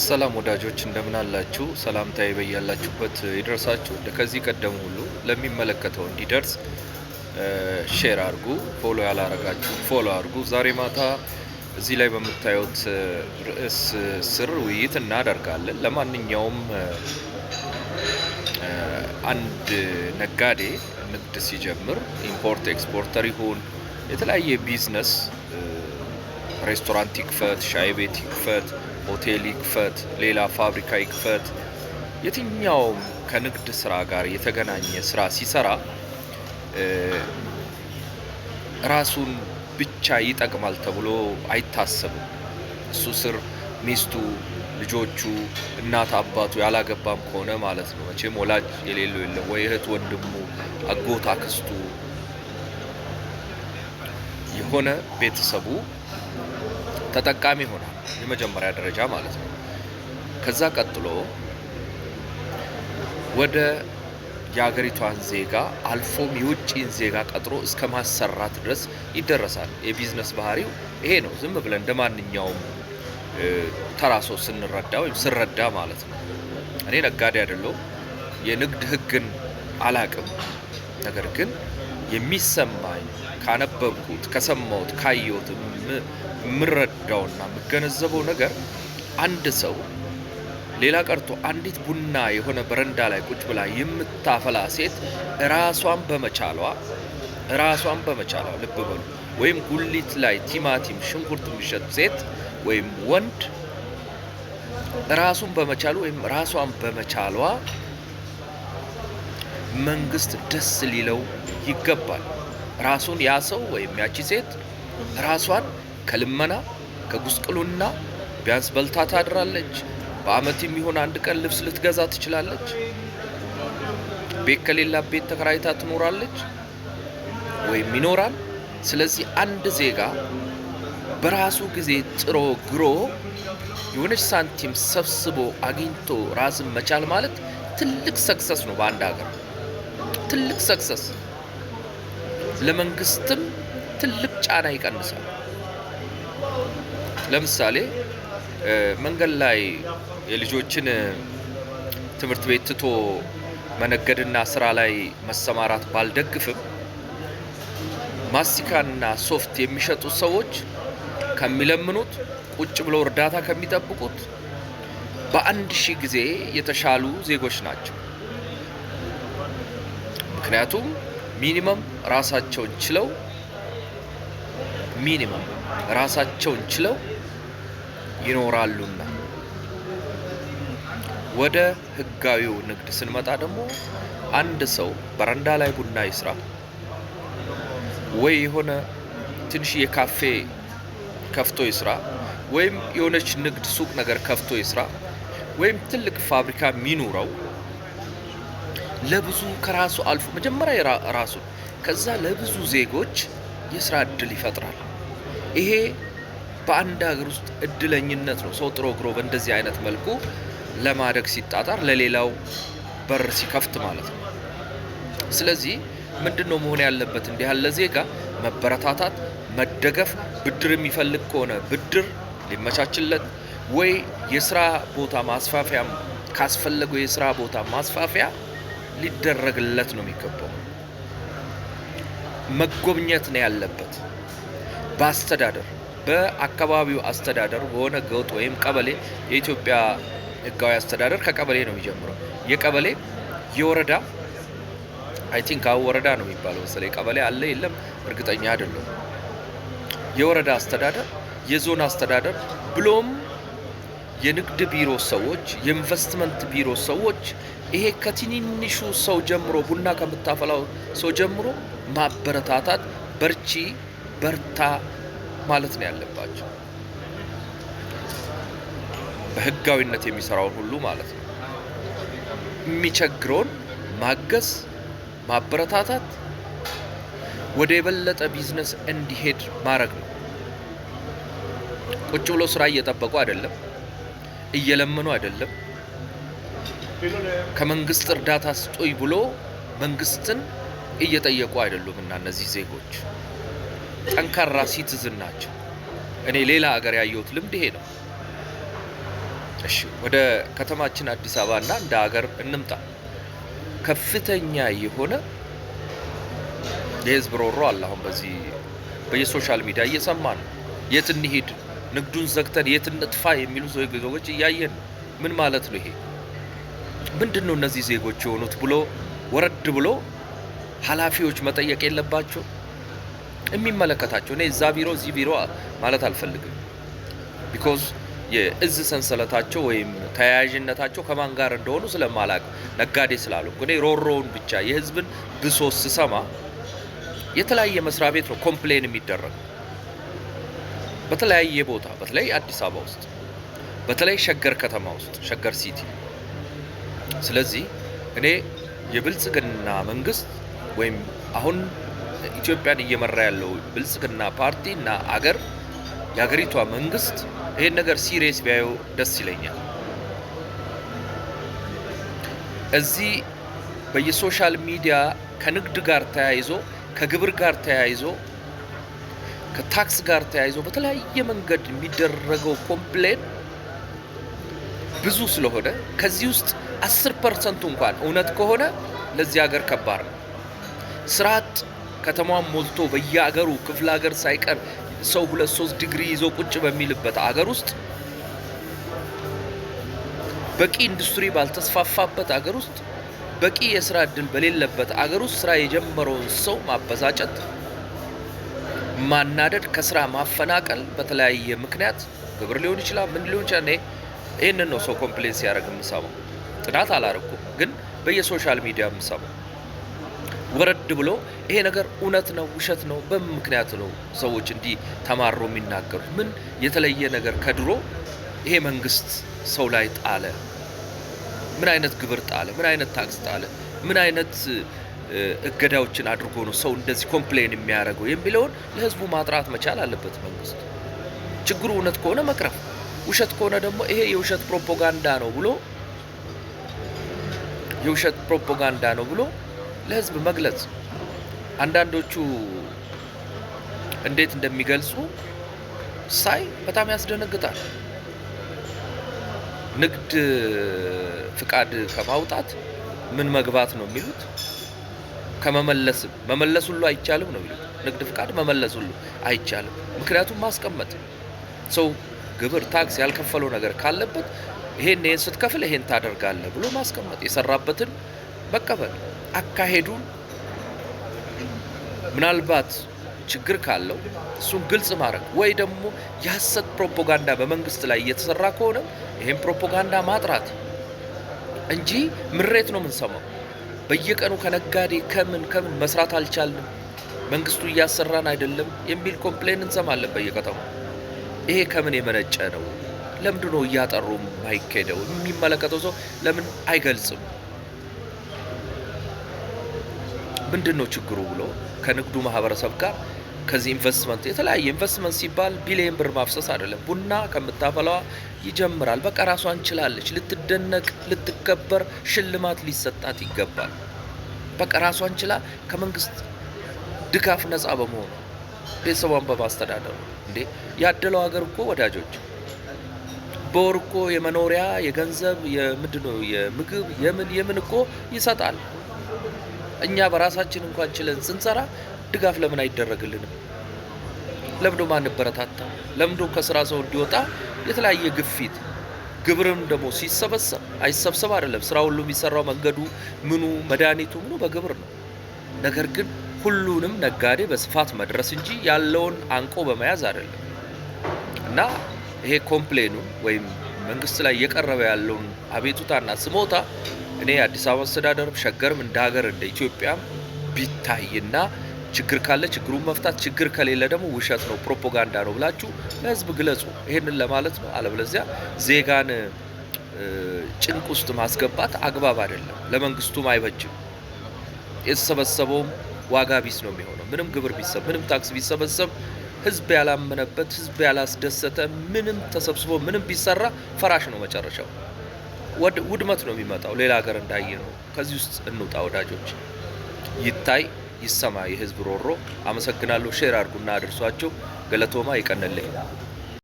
ሰላም ወዳጆች እንደምን አላችሁ? ሰላምታዬ በያላችሁበት ይደርሳችሁ። ከዚህ ቀደም ሁሉ ለሚመለከተው እንዲደርስ ሼር አድርጉ። ፎሎ ያላረጋችሁ ፎሎ አድርጉ። ዛሬ ማታ እዚህ ላይ በምታዩት ርዕስ ስር ውይይት እናደርጋለን። ለማንኛውም አንድ ነጋዴ ንግድ ሲጀምር ኢምፖርት ኤክስፖርተር ይሁን የተለያየ ቢዝነስ ሬስቶራንት ይክፈት፣ ሻይ ቤት ይክፈት ሆቴል ይክፈት፣ ሌላ ፋብሪካ ይክፈት፣ የትኛውም ከንግድ ስራ ጋር የተገናኘ ስራ ሲሰራ ራሱን ብቻ ይጠቅማል ተብሎ አይታሰብም። እሱ ስር ሚስቱ፣ ልጆቹ፣ እናት አባቱ ያላገባም ከሆነ ማለት ነው። መቼም ወላጅ የሌለው የለም ወይ እህት ወንድሙ፣ አጎት፣ አክስቱ የሆነ ቤተሰቡ ተጠቃሚ ይሆናል። የመጀመሪያ ደረጃ ማለት ነው። ከዛ ቀጥሎ ወደ የሀገሪቷን ዜጋ አልፎም የውጭን ዜጋ ቀጥሮ እስከ ማሰራት ድረስ ይደረሳል። የቢዝነስ ባህሪው ይሄ ነው። ዝም ብለን እንደ ማንኛውም ተራሶ ስንረዳ ወይም ስረዳ ማለት ነው። እኔ ነጋዴ አይደለሁም፣ የንግድ ህግን አላቅም። ነገር ግን የሚሰማኝ ካነበብኩት፣ ከሰማሁት፣ ካየሁት የምረዳውና የምገነዘበው ነገር አንድ ሰው ሌላ ቀርቶ አንዲት ቡና የሆነ በረንዳ ላይ ቁጭ ብላ የምታፈላ ሴት ራሷን በመቻሏ ራሷን በመቻሏ ልብ በሉ፣ ወይም ጉሊት ላይ ቲማቲም፣ ሽንኩርት የሚሸጥ ሴት ወይም ወንድ ራሱን በመቻሉ ወይም ራሷን በመቻሏ መንግስት ደስ ሊለው ይገባል። ራሱን ያ ሰው ወይም ያቺ ሴት ራሷን ከልመና ከጉስቅሉና ቢያንስ በልታ ታድራለች። በአመት የሚሆን አንድ ቀን ልብስ ልትገዛ ትችላለች። ቤት ከሌላ ቤት ተከራይታ ትኖራለች ወይም ይኖራል። ስለዚህ አንድ ዜጋ በራሱ ጊዜ ጥሮ ግሮ የሆነች ሳንቲም ሰብስቦ አግኝቶ ራስን መቻል ማለት ትልቅ ሰክሰስ ነው በአንድ ሀገር። ትልቅ ሰክሰስ፣ ለመንግስትም ትልቅ ጫና ይቀንሳል። ለምሳሌ መንገድ ላይ የልጆችን ትምህርት ቤት ትቶ መነገድና ስራ ላይ መሰማራት ባልደግፍም ማስቲካና ሶፍት የሚሸጡ ሰዎች ከሚለምኑት ቁጭ ብለው እርዳታ ከሚጠብቁት በአንድ ሺህ ጊዜ የተሻሉ ዜጎች ናቸው። ምክንያቱም ሚኒመም ራሳቸውን ችለው ሚኒመም ራሳቸውን ችለው ይኖራሉና። ወደ ህጋዊው ንግድ ስንመጣ ደግሞ አንድ ሰው በረንዳ ላይ ቡና ይስራ ወይ የሆነ ትንሽዬ ካፌ ከፍቶ ይስራ ወይም የሆነች ንግድ ሱቅ ነገር ከፍቶ ይስራ ወይም ትልቅ ፋብሪካ ሚኑረው ለብዙ ከራሱ አልፎ መጀመሪያ ራሱ ከዛ ለብዙ ዜጎች የስራ እድል ይፈጥራል። ይሄ በአንድ ሀገር ውስጥ እድለኝነት ነው። ሰው ጥሮ ግሮ በእንደዚህ አይነት መልኩ ለማደግ ሲጣጣር ለሌላው በር ሲከፍት ማለት ነው። ስለዚህ ምንድን ነው መሆን ያለበት? እንዲህ ያለ ዜጋ መበረታታት፣ መደገፍ፣ ብድር የሚፈልግ ከሆነ ብድር ሊመቻችለት ወይ የስራ ቦታ ማስፋፊያ ካስፈለገው የስራ ቦታ ማስፋፊያ ሊደረግለት ነው የሚገባው። መጎብኘት ነው ያለበት። በአስተዳደር በአካባቢው አስተዳደር በሆነ ገውጥ ወይም ቀበሌ የኢትዮጵያ ህጋዊ አስተዳደር ከቀበሌ ነው የሚጀምረው። የቀበሌ የወረዳ አይ ቲንክ አሁን ወረዳ ነው የሚባለው መሰለኝ። ቀበሌ አለ የለም እርግጠኛ አይደለም። የወረዳ አስተዳደር፣ የዞን አስተዳደር ብሎም የንግድ ቢሮ ሰዎች፣ የኢንቨስትመንት ቢሮ ሰዎች ይሄ ከትንንሹ ሰው ጀምሮ ቡና ከምታፈላው ሰው ጀምሮ ማበረታታት በርቺ፣ በርታ ማለት ነው ያለባቸው። በህጋዊነት የሚሰራውን ሁሉ ማለት ነው። የሚቸግረውን ማገዝ፣ ማበረታታት፣ ወደ የበለጠ ቢዝነስ እንዲሄድ ማድረግ ነው። ቁጭ ብሎ ስራ እየጠበቁ አይደለም። እየለመኑ አይደለም። ከመንግስት እርዳታ ስጡኝ ብሎ መንግስትን እየጠየቁ አይደሉም። እና እነዚህ ዜጎች ጠንካራ ሲቲዝን ናቸው። እኔ ሌላ ሀገር ያየሁት ልምድ ይሄ ነው። እሺ ወደ ከተማችን አዲስ አበባ እና እንደ ሀገር እንምጣ። ከፍተኛ የሆነ የህዝብ ሮሮ አለ። አሁን በዚህ በየሶሻል ሚዲያ እየሰማ ነው። የት እንሄድ ንግዱን ዘግተን የት እንጥፋ የሚሉ ዜጎች እያየን ምን ማለት ነው ይሄ? ምንድን ነው እነዚህ ዜጎች የሆኑት ብሎ ወረድ ብሎ ኃላፊዎች መጠየቅ የለባቸው? የሚመለከታቸው እኔ እዛ ቢሮ እዚህ ቢሮ ማለት አልፈልግም። ቢኮዝ የእዝ ሰንሰለታቸው ወይም ተያያዥነታቸው ከማን ጋር እንደሆኑ ስለማላቅ ነጋዴ ስላሉ እኔ ሮሮውን ብቻ የህዝብን ብሶ ስሰማ የተለያየ መስሪያ ቤት ነው ኮምፕሌን የሚደረገው። በተለያየ ቦታ በተለይ አዲስ አበባ ውስጥ በተለይ ሸገር ከተማ ውስጥ ሸገር ሲቲ። ስለዚህ እኔ የብልጽግና መንግስት ወይም አሁን ኢትዮጵያን እየመራ ያለው ብልጽግና ፓርቲ እና አገር የሀገሪቷ መንግስት ይሄን ነገር ሲሪየስ ቢያየው ደስ ይለኛል። እዚህ በየሶሻል ሚዲያ ከንግድ ጋር ተያይዞ ከግብር ጋር ተያይዞ ከታክስ ጋር ተያይዞ በተለያየ መንገድ የሚደረገው ኮምፕሌን ብዙ ስለሆነ ከዚህ ውስጥ አስር ፐርሰንቱ እንኳን እውነት ከሆነ ለዚህ ሀገር ከባድ ነው። ስርዓት ከተማዋን ሞልቶ በየአገሩ ክፍለ ሀገር ሳይቀር ሰው ሁለት ሶስት ዲግሪ ይዞ ቁጭ በሚልበት አገር ውስጥ በቂ ኢንዱስትሪ ባልተስፋፋበት አገር ውስጥ በቂ የስራ እድል በሌለበት አገር ውስጥ ስራ የጀመረውን ሰው ማበሳጨት ማናደድ፣ ከስራ ማፈናቀል በተለያየ ምክንያት ግብር ሊሆን ይችላል፣ ምን ሊሆን ይችላል። ይህንን ነው ሰው ኮምፕሌን ሲያደርግ የምሰማው። ጥናት አላረኩም፣ ግን በየሶሻል ሚዲያ የምሰማው ወረድ ብሎ ይሄ ነገር እውነት ነው ውሸት ነው በምን ምክንያት ነው ሰዎች እንዲህ ተማሮ የሚናገሩት? ምን የተለየ ነገር ከድሮ ይሄ መንግስት ሰው ላይ ጣለ? ምን አይነት ግብር ጣለ? ምን አይነት ታክስ ጣለ? ምን አይነት እገዳዎችን አድርጎ ነው ሰው እንደዚህ ኮምፕሌን የሚያደርገው የሚለውን ለህዝቡ ማጥራት መቻል አለበት መንግስት። ችግሩ እውነት ከሆነ መቅረፍ፣ ውሸት ከሆነ ደግሞ ይሄ የውሸት ፕሮፓጋንዳ ነው ብሎ የውሸት ፕሮፓጋንዳ ነው ብሎ ለህዝብ መግለጽ። አንዳንዶቹ እንዴት እንደሚገልጹ ሳይ በጣም ያስደነግጣል። ንግድ ፍቃድ ከማውጣት ምን መግባት ነው የሚሉት ከመመለስ መመለስ ሁሉ አይቻልም ነው የሚሉት። ንግድ ፍቃድ መመለስ ሁሉ አይቻልም። ምክንያቱም ማስቀመጥ ሰው ግብር፣ ታክስ ያልከፈለው ነገር ካለበት ይሄን ይሄን ስትከፍል ይሄን ታደርጋለህ ብሎ ማስቀመጥ፣ የሰራበትን መቀበል አካሄዱን ምናልባት ችግር ካለው እሱን ግልጽ ማድረግ ወይ ደግሞ የሐሰት ፕሮፓጋንዳ በመንግስት ላይ እየተሰራ ከሆነ ይህም ፕሮፓጋንዳ ማጥራት እንጂ ምሬት ነው የምንሰማው። በየቀኑ ከነጋዴ ከምን ከምን መስራት አልቻልንም፣ መንግስቱ እያሰራን አይደለም የሚል ኮምፕሌን እንሰማለን በየከተማው? ይሄ ከምን የመነጨ ነው? ለምንድን ነው እያጠሩ ማይኬደው? የሚመለከተው ሰው ለምን አይገልጽም? ምንድን ነው ችግሩ ብሎ ከንግዱ ማህበረሰብ ጋር ከዚህ ኢንቨስትመንት የተለያየ ኢንቨስትመንት ሲባል ቢሊየን ብር ማፍሰስ አይደለም። ቡና ከምታፈላዋ ይጀምራል። በቃ ራሷን ችላለች። ልትደነቅ፣ ልትከበር፣ ሽልማት ሊሰጣት ይገባል። በቃ ራሷን ችላ ከመንግስት ድጋፍ ነጻ በመሆኑ ቤተሰቧን በማስተዳደሩ እንዴ ያደለው ሀገር እኮ ወዳጆች በወር እኮ የመኖሪያ የገንዘብ የምንድነው የምግብ የምን የምን እኮ ይሰጣል። እኛ በራሳችን እንኳን ችለን ስንሰራ ድጋፍ ለምን አይደረግልንም? ለምዶ ማንበረታታ? ለምዶ ከስራ ሰው እንዲወጣ የተለያየ ግፊት ግብርም ደግሞ ሲሰበሰብ አይሰብሰብ አይደለም። ስራ ሁሉ የሚሰራው መንገዱ፣ ምኑ፣ መድኃኒቱ ምኑ በግብር ነው። ነገር ግን ሁሉንም ነጋዴ በስፋት መድረስ እንጂ ያለውን አንቆ በመያዝ አይደለም እና ይሄ ኮምፕሌኑ ወይም መንግስት ላይ እየቀረበ ያለውን አቤቱታና ስሞታ እኔ አዲስ አበባ አስተዳደርም ሸገርም እንደ ሀገር እንደ ኢትዮጵያም ቢታይና ችግር ካለ ችግሩን መፍታት፣ ችግር ከሌለ ደግሞ ውሸት ነው ፕሮፓጋንዳ ነው ብላችሁ ለህዝብ ግለጹ። ይህንን ለማለት ነው። አለበለዚያ ዜጋን ጭንቅ ውስጥ ማስገባት አግባብ አይደለም፣ ለመንግስቱም አይበጅም። የተሰበሰበውም ዋጋ ቢስ ነው የሚሆነው። ምንም ግብር ቢሰብ ምንም ታክስ ቢሰበሰብ ህዝብ ያላመነበት ህዝብ ያላስደሰተ ምንም ተሰብስቦ ምንም ቢሰራ ፈራሽ ነው መጨረሻው፣ ውድመት ነው የሚመጣው። ሌላ ሀገር እንዳየ ነው። ከዚህ ውስጥ እንውጣ ወዳጆች፣ ይታይ ይሰማ የህዝብ ሮሮ። አመሰግናለሁ። ሼር አድርጉና አድርሷቸው። ገለቶማ ይቀንልኝ።